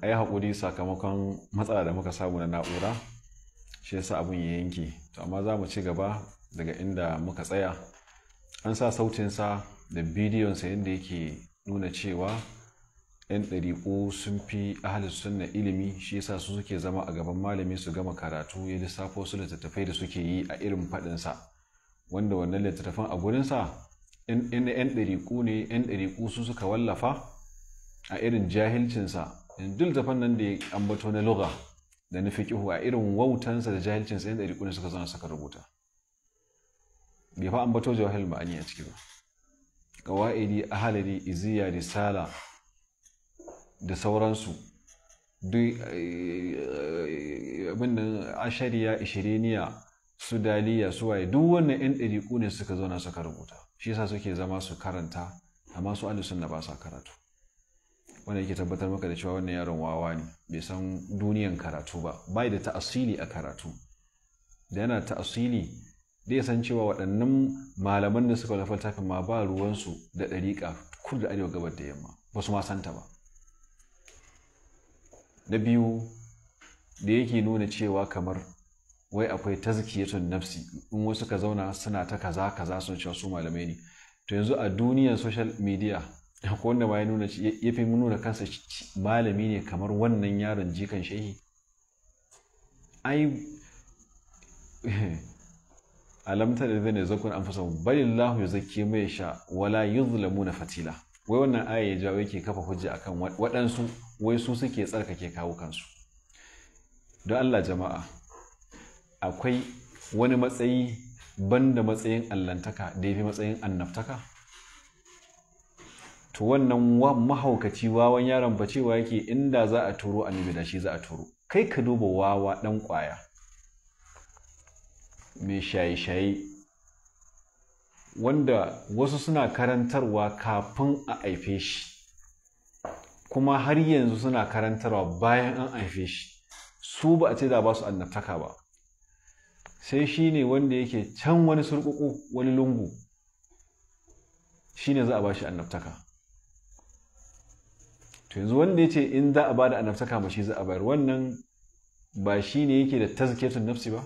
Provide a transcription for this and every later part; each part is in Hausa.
a yi haƙuri sakamakon matsala da muka samu na na'ura shi yasa abin ya yanke to amma za mu ci gaba daga inda muka tsaya an sa sautinsa da bidiyonsa yadda yake nuna cewa 'yan ɗariƙo sun fi ahalis sunna ilimi shi yasa su suke zama a gaban malami su gama karatu ya lissafo su littattafai da suke yi a irin faɗinsa wanda wannan littattafan a gurinsa 'yan ɗariƙo ne 'yan ɗariƙo su suka wallafa a irin jahilcinsa duk tafan nan da ya ambato na lugha da na fiqihu a irin wautansa da jahilcin sa yanda kuna suka zauna suka rubuta bai fa ambato jawahil ni a ciki ba a ahalari iziya da sauransu duk eh, abin ashariya ishiriniya su daliya su waye duk wannan yan ɗariƙu ne suka zauna suka rubuta shi yasa suke zama su karanta amma su ahli sunna ba sa karatu wanda yake tabbatar maka da cewa wannan yaron wawa ne bai san duniyan karatu ba bai da ta'asili a karatu da yana ta'asili zai san cewa waɗannan malaman da suka lafa tafin ma ba ruwansu da ɗariƙa kudu da arewa gabar da yamma ba su ma santa ba na biyu da yake nuna cewa kamar wai akwai tazkiyatun nafsi in wasu ka zauna suna ta kaza kaza sun cewa su malamai ne to yanzu a duniyar social media wanda ma ya nuna ya fi nuna kansa malami ne kamar wannan yaron jikan shehi ai alamta da zai ne zakon an fasa balillahu ya zake mai sha wala yuzlamu na fatila wai wannan aya ya jawo yake kafa hujja akan waɗansu wai su suke tsarkake kawo kansu don allah jama'a akwai wani matsayi banda matsayin allantaka da ya fi matsayin annabtaka to wannan mahaukaci wawan yaron ba cewa yake inda za a turo nemi da shi za a turo kai ka duba wawa dan kwaya mai shaye-shaye wanda wasu suna karantarwa kafin a aife shi kuma har yanzu suna karantarwa bayan an aife shi su ba a ce da ba su annabtaka ba sai shi ne wanda yake can wani surkuku wani lungu shi ne za a ba shi annabtaka to yanzu wanda ya ce in za a bada anabtaka ma shi za a bayar wannan ba shi ne yake da tazkiyatun nafsi ba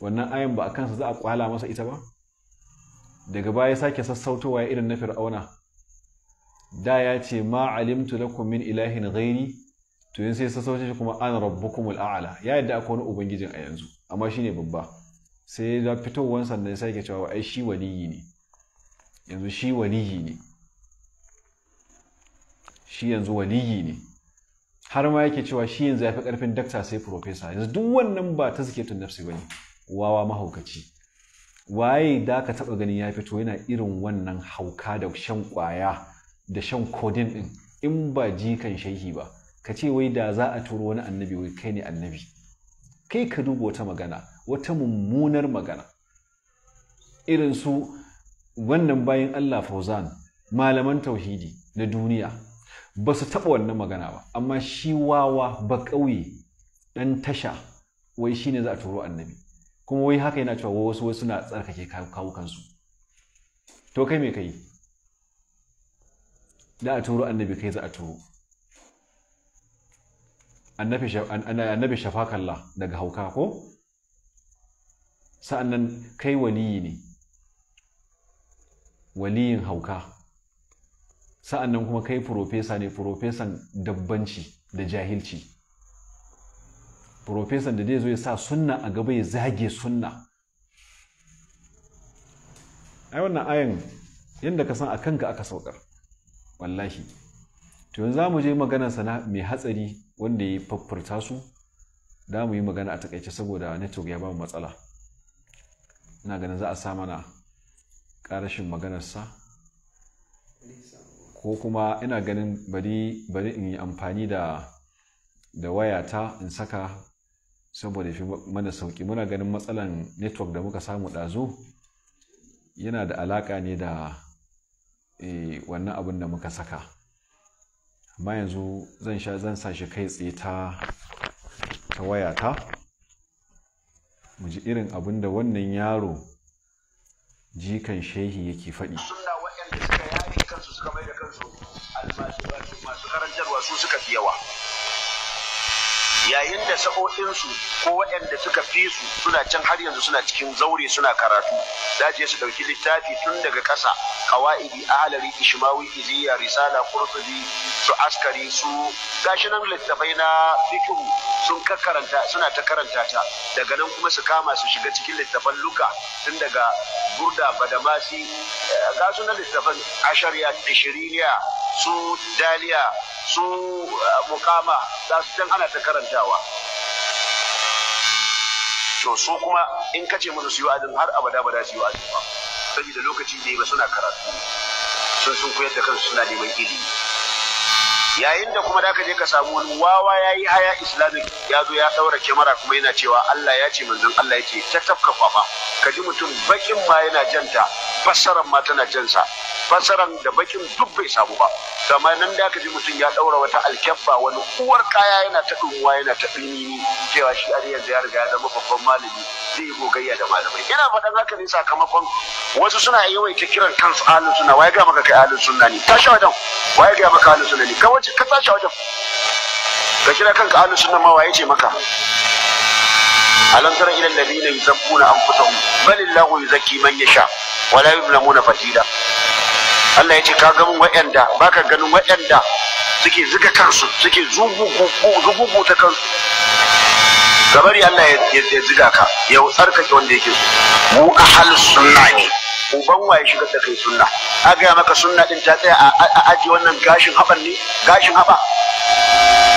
wannan ayan ba a kansa za a kwala masa ita ba daga baya sake sassautowa irin na fir'auna da ya ce ma alimtu lakum min ilahin ghairi to yanzu sai sassauce shi kuma an rabbukumul a'la ya yadda akwai wani ubangijin a yanzu amma shine babba sai da fitowar sannan sai ke cewa ai shi waliyi ne yanzu shi waliyi ne shi yanzu waliyi ne har ma yake cewa shi yanzu ya fi ƙarfin dakta sai profesa yanzu duk wannan ba ta tun nafsi ba wawa mahaukaci waye da ka taɓa ganin ya fito yana irin wannan hauka da shan kwaya da shan kodin ɗin in ba jikan shaihi ba ka ce wai da za a turo wani annabi wai kai ne annabi kai ka duba wata magana wata mummunar magana irin su wannan bayan Allah Fauzan malaman tauhidi na duniya ba su taɓa wannan magana ba amma shi wawa ba ƙauye ɗan tasha wai shi ne za a turo annabi kuma wai haka yana cewa wasu wasu na tsarkake kawo kansu to kai me kai da a turo annabi kai za a turo annabi shafakalla daga hauka ko nan kai waliyi ne waliyin hauka sa'an nan kuma kai furofesa ne furofesan dabbanci da jahilci furofesan da zai zo ya sa sunna a gaba ya zage sunna ai wannan ayan yadda ka san a kanka aka saukar wallahi to yanzu za mu je magana sana mai hatsari wanda ya faffurta su da mu yi magana a takaice saboda network ya ba mu matsala ina ganin za a sa mana ƙarashin maganarsa ko kuma ina ganin bari bari in yi amfani da da waya ta in saka saboda fi mana sauki muna ganin matsalan network da muka samu ɗazu yana da alaka ne da eh, wannan abin da muka saka amma yanzu zan sha zan sa shi kai tsaye ta ta wayata mu ji irin abin da wannan yaro jikan shehi yake faɗi. masu karantarwa su suka fi yawa yayin da sa'o'insu ko waɗanda suka fi su suna can har yanzu suna cikin zaure suna karatu daje su ɗauki littafi tun daga ƙasa kawa'idi ahalari ishimawi iziya risala qurtubi su askari su gashi nan littafai na fikihu sun karanta suna ta karanta ta daga nan kuma su kama su shiga cikin littafan luka tun daga burda badamasi eh, su na littafan ashariya ishiriniya su daliya su eh, mukama za su can ana ta karantawa to su kuma in ka ce musu su yi wa'azin har abada ba za su yi wa'azin ba saboda lokaci da yi ba suna karatu sun sun koyar da kansu suna neman ilimi yayin da kuma da ka je ka samu wani wawa ya yi haya islamic ya zo ya ɗaura kyamara kuma yana cewa Allah ya ce manzon Allah ya ce ta tafka fafa ka ji mutum bakin ma yana janta fassarar ma tana sa, fassaran da bakin duk bai samu ba amma nan da aka ji mutum ya daura wata alkyabba wani uwar kaya yana ta dumuwa yana ta ɗinini cewa shi har yanzu ya riga ya zama babban malami zai yi gogayya da malamai ina faɗan haka ne sakamakon wasu suna yawaita kiran kansu ahlus sunna wai ga maka kai ahlus sunna ne tashi wajen wai ga maka ahlus sunna ne ka wace ka tashi wajen ka kira kanka ahlus sunna ma waye ce maka alam tara ila alladhina yuzakkuna anfusahum bal illahu yuzakki man yasha wala muna fadila Allah ya ce ka wayanda ba ka ganin wayanda suke zuga kansu suke zugugu ta kansu gabari Allah ya ziga ka ya tsarkake wanda yake so mu ahal sunna ne uban waye shiga da kai sunna a gaya maka sunna din ta tsaya a aji wannan gashin haban ne gashin haba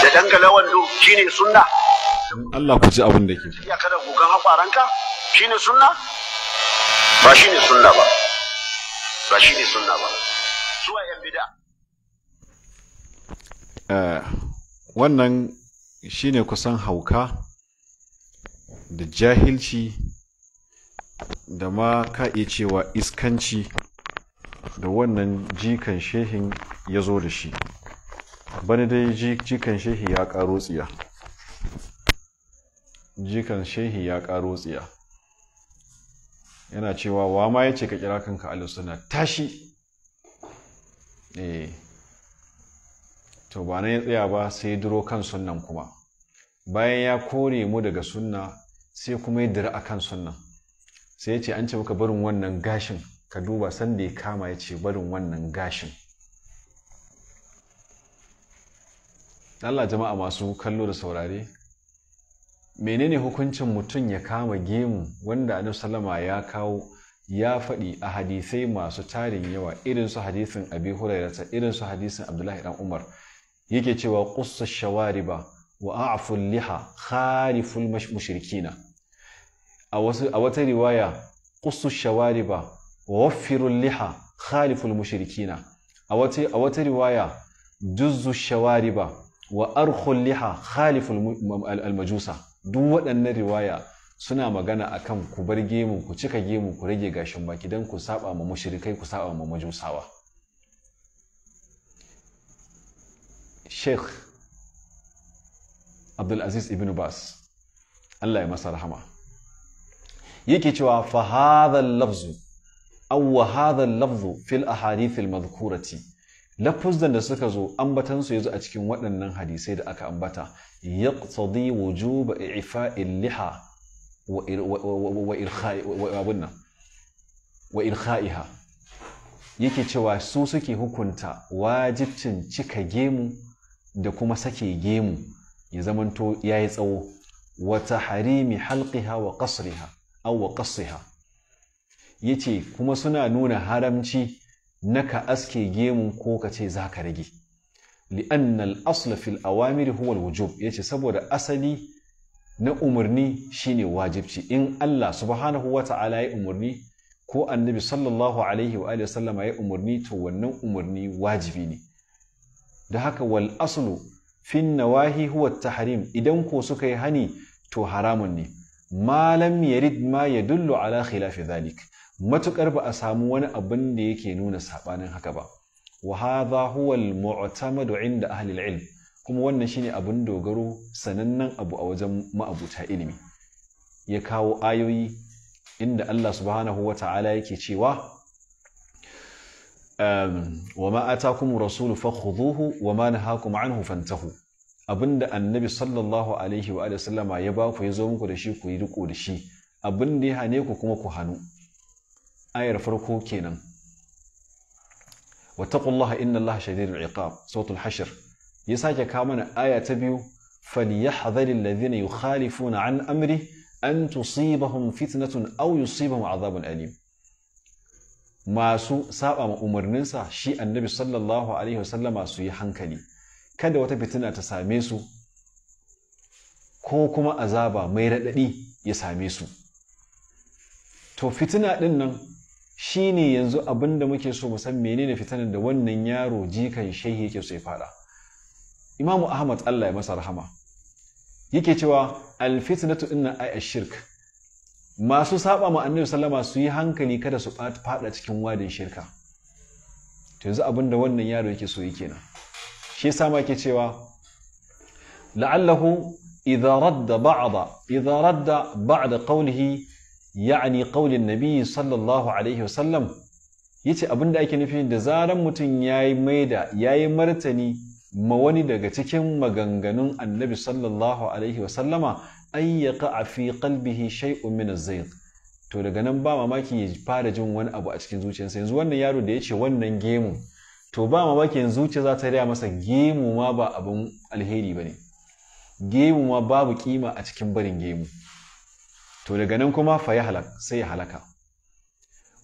da dangala wando shine sunna Allah ku ji abin da ke ya kada gogan hakwaranka shine sunna ba shi ne sunna ba ba shi ne sunna ba yan bida eh, wannan shi ne kusan hauka da jahilci da ma ka iya cewa iskanci da wannan jikan shehin ya zo da shi bani dai jikan shehi ya karo tsiya jikan shehi ya tsiya yana cewa wa ma ya ce ka kira kanka ahlus sunna tashi eh to ba na ya tsaya ba sai duro kan sunnan kuma bayan ya kore mu daga sunna sai kuma ya dira kan sunnan sai ya ce an ce maka barin wannan gashin ka duba sanda ya kama ya ce barin wannan gashin Allah jama'a masu kallo da saurare menene hukuncin mutum ya kama gemu wanda annabi sallama ya kawo ya faɗi a hadisai masu tarin yawa irin su hadisin abi hurairata irin su hadisin abdullahi dan umar yake cewa qussa shawariba wa a'fu liha khariful mushrikina a wasu a wata riwaya qussu shawariba wa waffiru liha khariful mushrikina a wata a wata riwaya juzzu shawariba wa arkhu liha khaliful duk waɗannan riwaya suna magana a kan ku bar gemu ku cika gemu ku rage gashin baki don ku saba ma mushrikai ku saba ma majusawa sheikh abdulaziz ibn bas allah ya masa rahama yake cewa fa hadha lafzu aw hadha lafzu fil ahadith al madhkurati lafuzan da suka zo ambatansu ya zo a cikin waɗannan hadisai da aka ambata ya tsadi wujuba ifa'il liha wa irkha'iha yake cewa su suke hukunta wajibcin cika gemu da kuma sake gemu ya zamanto ya yi tsawo wata harimi halqiha wa qasriha aw wa yace kuma suna nuna haramci na ka aske gemun ko ka ce za ka rage li'annal asla fil awamiri huwa wujub ya ce saboda asali na umarni shine wajibci in Allah subhanahu wa ta'ala ya umarni ko annabi sallallahu alaihi wa sallama ya umarni to wannan umarni wajibi ne da haka wal aslu fin nawahi huwa tahrim idan ko suka yi hani to haramun ne malam yarid ma yadullu ala khilafi zalik matuƙar ba a samu wani abin da yake nuna saɓanin haka ba wa hadha huwa al-mu'tamadu inda ahli al-ilm kuma wannan shine abin dogaro sanannen abu a wajen ma'abuta ilimi ya kawo ayoyi inda Allah subhanahu wa ta'ala yake cewa ehm, wa ma atakum rasulu fakhudhuhu wa ma nahakum anhu fantahu abinda annabi sallallahu alaihi wa sallama ya ba ku ya zo muku da shi ku yi riko da shi abin da ya hane ku kuma ku hannu ayar farko kenan wattaqullaha inna allaha shadidul iqab suratul hashr ya sake kawo mana aya ta biyu falyahdhari alladhina yukhalifuna an amri an tusibahum fitnatun aw yusibahum adhabun alim masu saba ma umarninsa shi annabi sallallahu alaihi wasallama su yi hankali kada wata fitina ta same su ko kuma azaba mai raɗaɗi ya same su to fitina ɗin nan shi ne yanzu abin da muke so musan menene fitanar da wannan yaro jikan shehi yake so ya fada imamu ahmad allah ya masa rahama yake cewa alfitnatu inna ay shirk. masu saba ma annabi sallama su yi hankali kada su fada cikin wadin shirka to yanzu abin da wannan yaro yake so yake nan shi yasa ma yake cewa la'allahu idza radda ba'da idza radda ba'da qawlihi ya'ani qaulin nabi sallallahu alaihi wasallam yace abinda ake nufi da zaran mutum yayi maida yi martani ma wani daga cikin maganganun annabi sallallahu alaihi wasallama an yaqa fi kalbihi shay'un min az to daga nan ba mamaki ya fara jin wani abu a cikin zuciyarsa yanzu wannan yaro da ya ce wannan gemu to ba mamaki yanzu zuciya za ta raya masa gemu ma ba abin alheri ba ne. gemu ma babu kima a cikin barin gemu to daga nan kuma fa ya halak sai ya halaka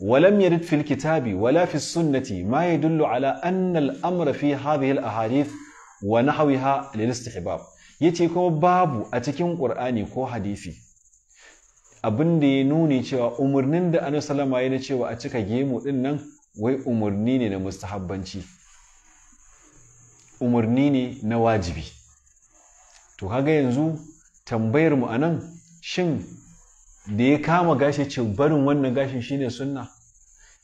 ولم يرد Kitabi الكتاب ولا في السنة ما يدل على أن الأمر في هذه الأحاديث ونحوها للاستحباب yace kuma babu a cikin ƙur'ani ko hadisi abin da ya nuni cewa umarnin da annabi sallama na cewa a cika gemu din nan wai umarni ne na mustahabbanci umarni ne na wajibi to kaga yanzu tambayar mu anan shin da ya kama gashi ce barin wannan gashin shine sunna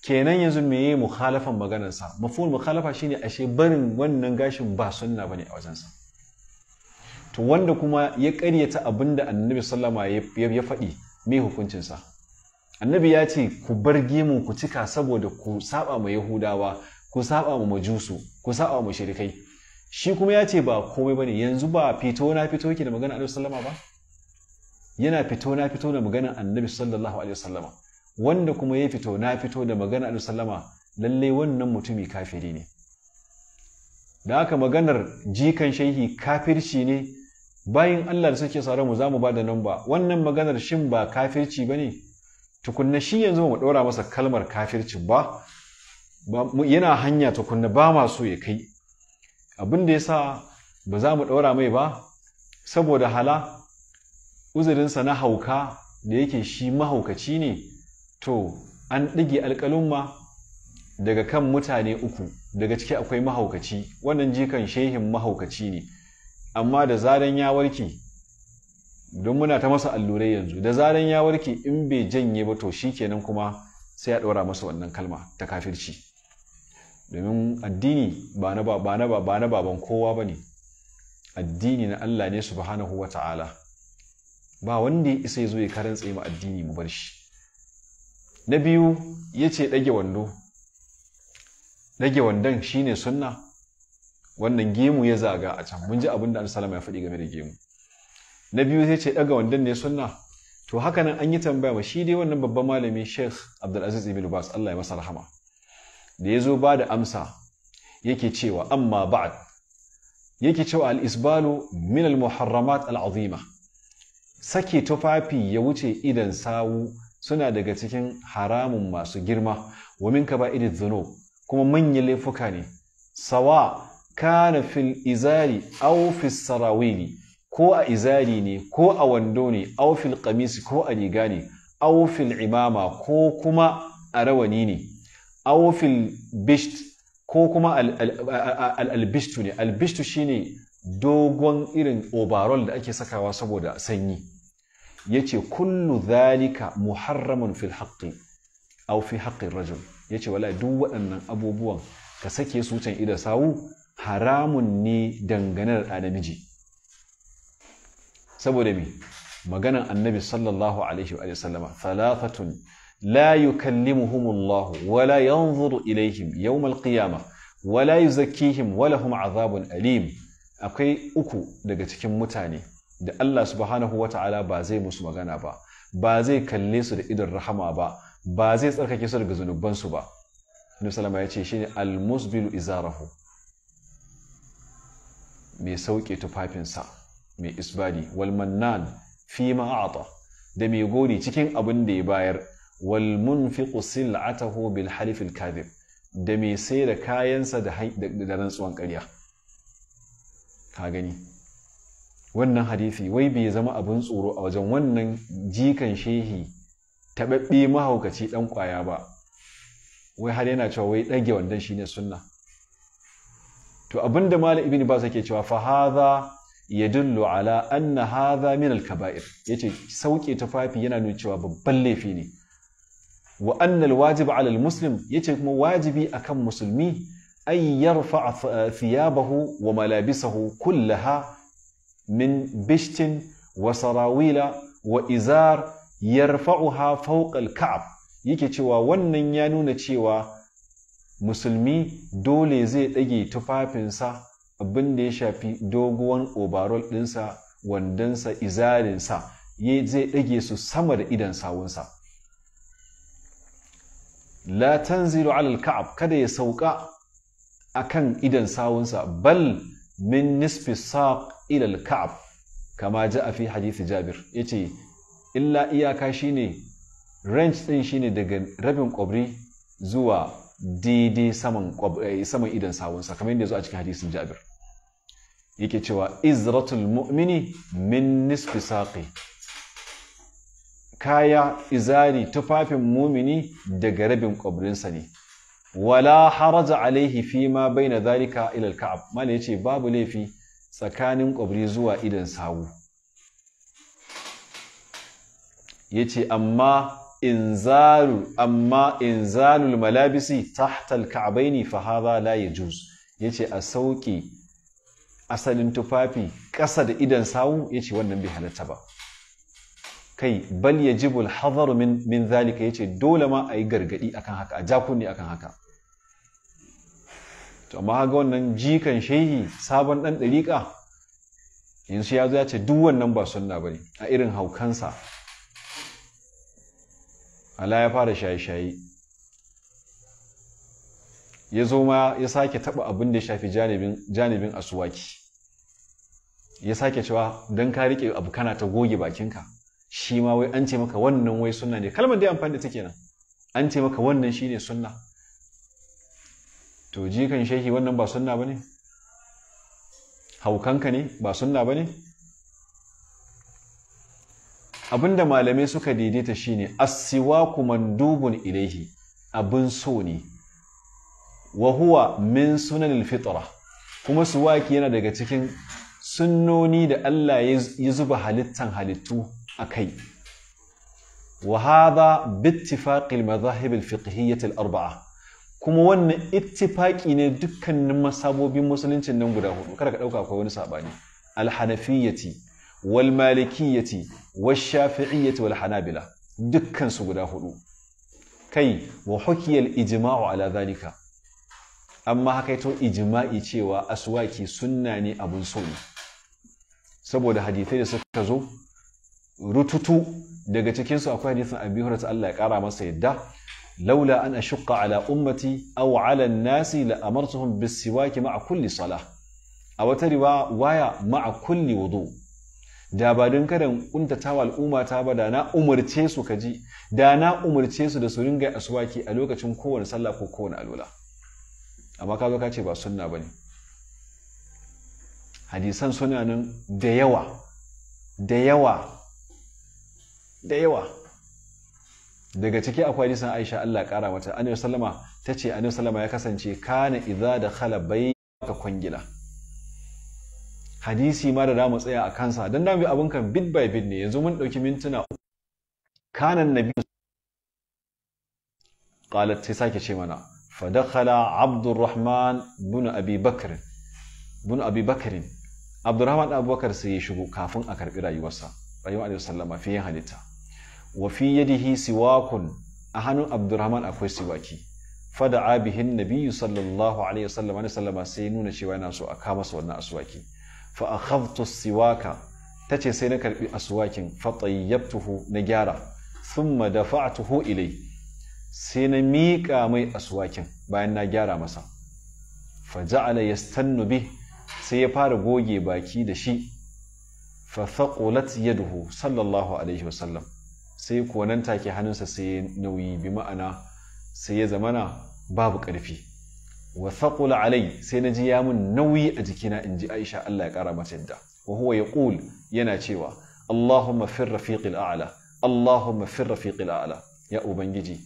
kenan yanzu me yi mukhalafan maganarsa mafhum mukhalafa shine ashe barin wannan gashin ba sunna bane a wajensa to wanda kuma ya karyata abinda annabi sallama ya faɗi me hukuncinsa annabi ya ce ku bar gemu ku cika saboda ku saba ma yahudawa ku saba ma majusu ku saba ma mushrikai shi kuma ya ce ba komai bane yanzu ba fito na fito ke da magana annabi sallama ba yana fito na fito da magana annabi sallallahu alaihi wasallama wanda kuma ya fito na fito da magana annabi sallama lalle wannan mutumi kafiri ne da haka maganar jikan shehi kafirci ne bayan Allah da suke sare mu za mu bada nan ba wannan maganar shin ba kafirci ba ne? tukunna shi yanzu mu ɗora masa kalmar kafirci ba yana hanya tukunna ba ma so ya kai abin da yasa ba za mu ɗora mai ba saboda hala uzurinsa na hauka da yake shi mahaukaci ne to an ɗige alƙalumma daga kan mutane uku daga ciki akwai mahaukaci wannan jikan shehin mahaukaci ne amma da zaran ya warke don muna ta masa allurai yanzu da zaran ya warke in bai janye ba to shi kenan kuma sai ya ɗora masa wannan kalma ta kafirci domin addini ba na baban kowa ba ne addini na Allah ne subhanahu wa ta'ala ba wanda ya isa ya zo ya karin tsaye ma addini mu bar shi na biyu ya ce ɗage wando ɗage wandon ne sunna wannan gemu ya zaga a can mun ji abin da an ya faɗi game da gemu na biyu sai ce ɗaga wandon ne sunna to haka nan an yi tambaya ma shi dai wannan babban malami sheikh abdulaziz ibn bas allah ya masa rahama da ya zo ba da amsa yake cewa amma ba'ad yake cewa al-isbalu min muharramat al sake tufafi ya wuce idan sawu suna daga cikin haramun masu girma wa min kaba'ir dhunub kuma manyan laifuka ne sawa kana fil izari aw fis sarawili ko a izari ne ko a wando ne aw fil qamisi ko a riga ne aw fil imama ko kuma a rawani ne aw fil bisht ko kuma albishtu ne albishtu shine dogon irin overall da ake sakawa saboda sanyi yace kullu zalika muharramun fil haqqi au fi haqqi rajul yace wala duk waɗannan abubuwan ka sake su can ida sawu haramun ne dangane da namiji saboda me maganan annabi sallallahu alaihi wa sallama thalathatun la yukallimuhumullahu wala yanzuru ilaihim yawmal qiyamah wala yuzakkihim wala lahum azabun alim akwai uku daga cikin mutane da Allah subhanahu wa ta'ala ba zai musu magana ba ba zai kalle su da idon rahama ba ba zai tsarkake su daga zunubansu ba Annabi ya ce shine al-musbilu izarahu mai sauke tufafinsa mai isbadi wal mannan fi ma da mai gori cikin abin da ya bayar wal munfiqu sil'atahu bil halifil kadhib da mai sai da kayansa da rantsuwan ƙarya ka gani wannan hadisi wai bai zama abin tsoro a wajen wannan jikan shehi taɓaɓɓe mahaukaci ɗan ƙwaya ba wai har yana cewa wai ɗage wannan shine sunna to abinda da malam ibn ba yake cewa fa hadha yadullu ala anna hadha min al-kaba'ir yace sauke tufafi yana nuna cewa babban laifi ne wa anna al-wajib ala al-muslim yace kuma wajibi akan musulmi an yarfa thiyabahu wa malabisahu kullaha min bishtin wa sarawila wa izar yarfa'uha fawqa al-ka'b yake cewa wannan ya nuna cewa musulmi dole zai ɗage tufafinsa abinda ya shafi doguwan obarol ɗinsa wandonsa izarinsa zai ɗage su sama da idon sawunsa la tanzilu alal ka'ab kada ya sauka akan idan sawunsa bal min nisfi saq ila al-ka'b kama a fi hadisi Jabir yace illa iyaka shine range din shine daga rabin kwabri zuwa daidai saman eh, saman idan sawunsa kamar yadda zo a cikin hadisin Jabir yake cewa izratul mu'mini min nisfi saqi kaya izari tufafin mumini daga rabin kwabrinsa ne wala haraja alaihi fi ma baina zarika ilal ka'ab kab malai yace babu laifi tsakanin kwabri zuwa idan sawu yace amma inzalu amma inzalul malabisi tahta al-ka'baini fa hadha la yajuz yace a sauki asalin tufafi ƙasa da idan sawu yace wannan bai halatta ba kai bal yajibul hadaru min min zalika yace dole ma ayi gargadi akan haka a jakunni akan haka to amma ga wannan jikan shehi sabon ɗan ɗariƙa yanzu ya zo ya ce duk wannan ba sunna ba ne a irin haukansa ala ya fara shaye-shaye ya zo ma ya sake taɓa abin da ya shafi janibin asuwaki ya sake cewa don ka riƙe abu kana ta goge bakinka shi ma wai an ce maka wannan wai sunna ne kalmar da ya amfani da ta kenan an ce maka wannan shi ne sunna to jikan shehi wannan ba sunna ba ne haukanka ne ba sunna ba ne abinda malamai suka daidaita shine kuma mandubun ilaihi abin so ne wa huwa min sunan fitra kuma suwaki yana daga cikin sunnoni da Allah ya zuba halittan halittu a kai wa hadha bi ittifaqi al-madhahib al-arba'a kuma wannan ittifaki ne dukkanin masabobin musuluncin nan guda hudu kada ka dauka akwai wani sabani alhanafiyyati wal malikiyyati wal shafi'iyyati wal hanabila dukkan su guda hudu kai wa hukiyal ijma'u ala zalika amma haka ito ijma'i cewa aswaki sunna ne abun so ne saboda hadithai da suka zo rututu daga cikinsu akwai hadithin abi hurairah Allah ya kara masa yadda laula أن أشق على أمتي أو على nasi لأمرتهم بالسواك مع كل ma'a kulli sala, a wata كل ma'a kulli wudu da ba don kada kuntatawa al'umma ta ba da na umarce su kaji da na umarce su da su ringa aswaki a lokacin kowane sallah ko kowane alwala amma ka zo ka ce ba sunna bane hadisan suna nan da yawa da yawa da yawa daga ciki akwai hadisin Aisha Allah kara mata annabi sallama tace annabi sallama ya kasance kana idza dakhala bayyaka kwangila hadisi ma da zamu tsaya a kansa dan da abun kan bit by bit ne yanzu mun dauki mintuna kana nabi qalat sai sake ce mana fa dakhala abdurrahman bin abi bakr bin abi bakr abdurrahman abubakar sai ya shigo kafin a karbi rayuwarsa rayuwar annabi sallama fiye halitta wa fi yadihi siwakun a hannun Abdulrahman akwai siwaki fada abihin nabiyyu sallallahu alaihi wasallam wani sallama sai nuna cewa yana so a kama su wannan aswaki fa akhadtu siwaka tace sai na karɓi aswakin fa tayyabtuhu na gyara thumma dafa'tuhu ilai sai na miƙa mai aswakin bayan na gyara masa fa ja'ala yastannu bih sai ya fara goge baki da shi fa thaqulat yaduhu sallallahu alaihi wasallam sai kuwa nan take hannunsa sai nauyi bi ma'ana sai ya zamana babu ƙarfi wa thaqula alai sai na ji ya mun nauyi a jikina in ji Aisha Allah ya ƙara mata yadda wa huwa yaqul yana cewa Allahumma fir rafiqil a'la Allahumma fir rafiqil a'la ya ubangiji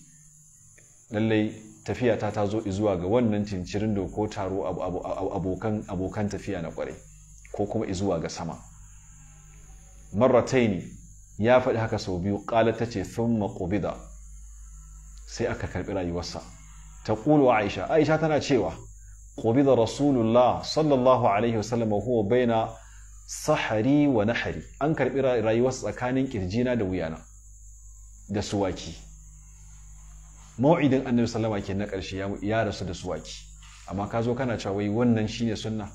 lallai tafiya ta ta zo zuwa ga wannan cincirin da ko taro abokan tafiya na kwarai ko kuma zuwa ga sama marrataini ya faɗi haka sau biyu ƙala ta ce sun maƙubida sai aka karɓi rayuwarsa ta ƙulwa aisha aisha tana cewa ƙubida rasulullah sallallahu alaihi wasallam huwa baina sahari wa nahari an karɓi rayuwarsa tsakanin ƙirjina da wuyana da suwaki mau'idin annabi sallama ke na ƙarshe ya rasu da suwaki amma ka zo kana cewa wai wannan shine sunna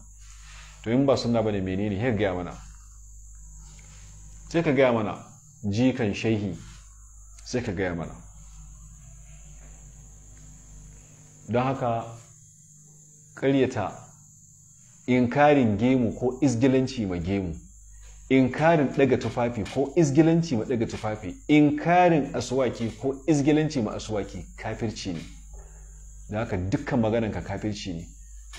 to in ba sunna bane menene ya gaya mana sai ka gaya mana jikan shehi sai ka gaya mana don haka ƙaryata inkarin gemu ko izgilanci ma gemu inkarin ɗaga tufafi ko izgilanci ma ɗaga tufafi inkarin aswaki ko izgilanci ma aswaki kafirci ne da haka dukkan ka kafirci ne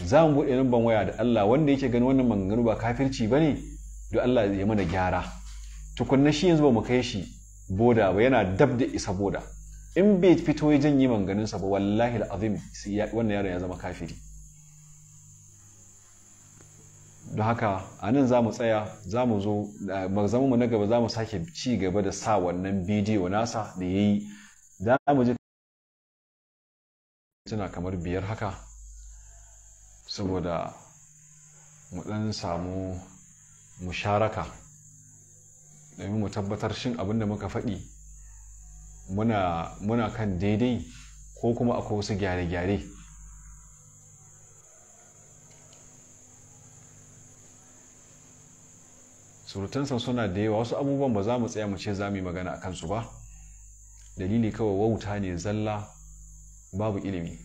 za mu buɗe numban waya da Allah wanda yake gani wannan maganganu ba kafirci ba ne don Allah ya mana gyara tukunna shi yanzu ba mu kai shi boda ba yana dab da isa boda in bai fito ya janye manganinsa ba wallahi azim wannan yaron ya zama kafiri don haka a nan za mu tsaya za mu zo zama mu na gaba za mu sake ci gaba da sa wannan bidiyo nasa da ya yi za mu ji suna kamar biyar haka saboda mu dan samu musharaka domin mu tabbatar shin abin da muka faɗi muna kan daidai ko kuma akwai wasu gyare-gyare surutansa suna da yawa wasu abubuwan ba za mu tsaya mu ce za mu yi magana a kansu ba dalili kawai wauta ne zalla babu ilimi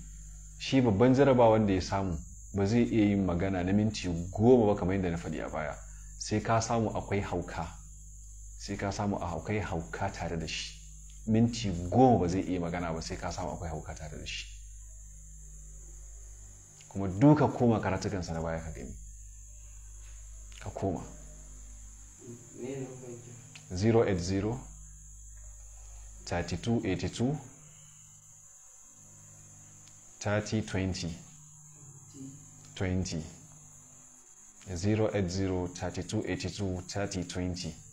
shi babban jaraba wanda ya samu ba zai iya yin magana na minti goma ba kamar yadda na faɗi a baya sai ka samu akwai hauka sai ka samu a haukai hauka tare da shi minti goma ba zai iya magana ba sai ka samu akwai hauka tare da shi kuma duka koma karatukansa na baya ka gani ka koma 080 3282 3020 20 080 3282 3020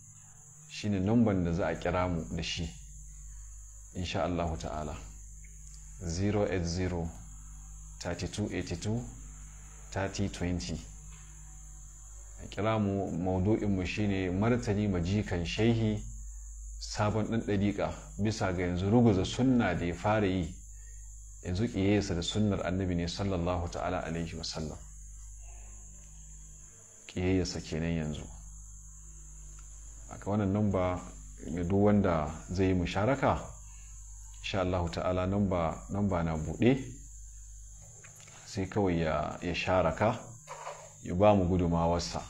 shine lamban da za a kira mu da shi insha Allahu ta'ala 080 3282 3020 a kira mu maudu'inmu shine martani majikan shehi sabon ɗan ɗariƙa bisa ga yanzu ruguza sunna da ya fara yi yanzu yasa da sunnar annabi ne sallallahu ta'ala alaihi wasallam yasa kenan yanzu aka wannan namba ya duk wanda zai yi musharaka insha Allah ta'ala namba na bude sai kawai ya sharaka ya ba mu gudumawarsa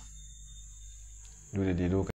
dole dai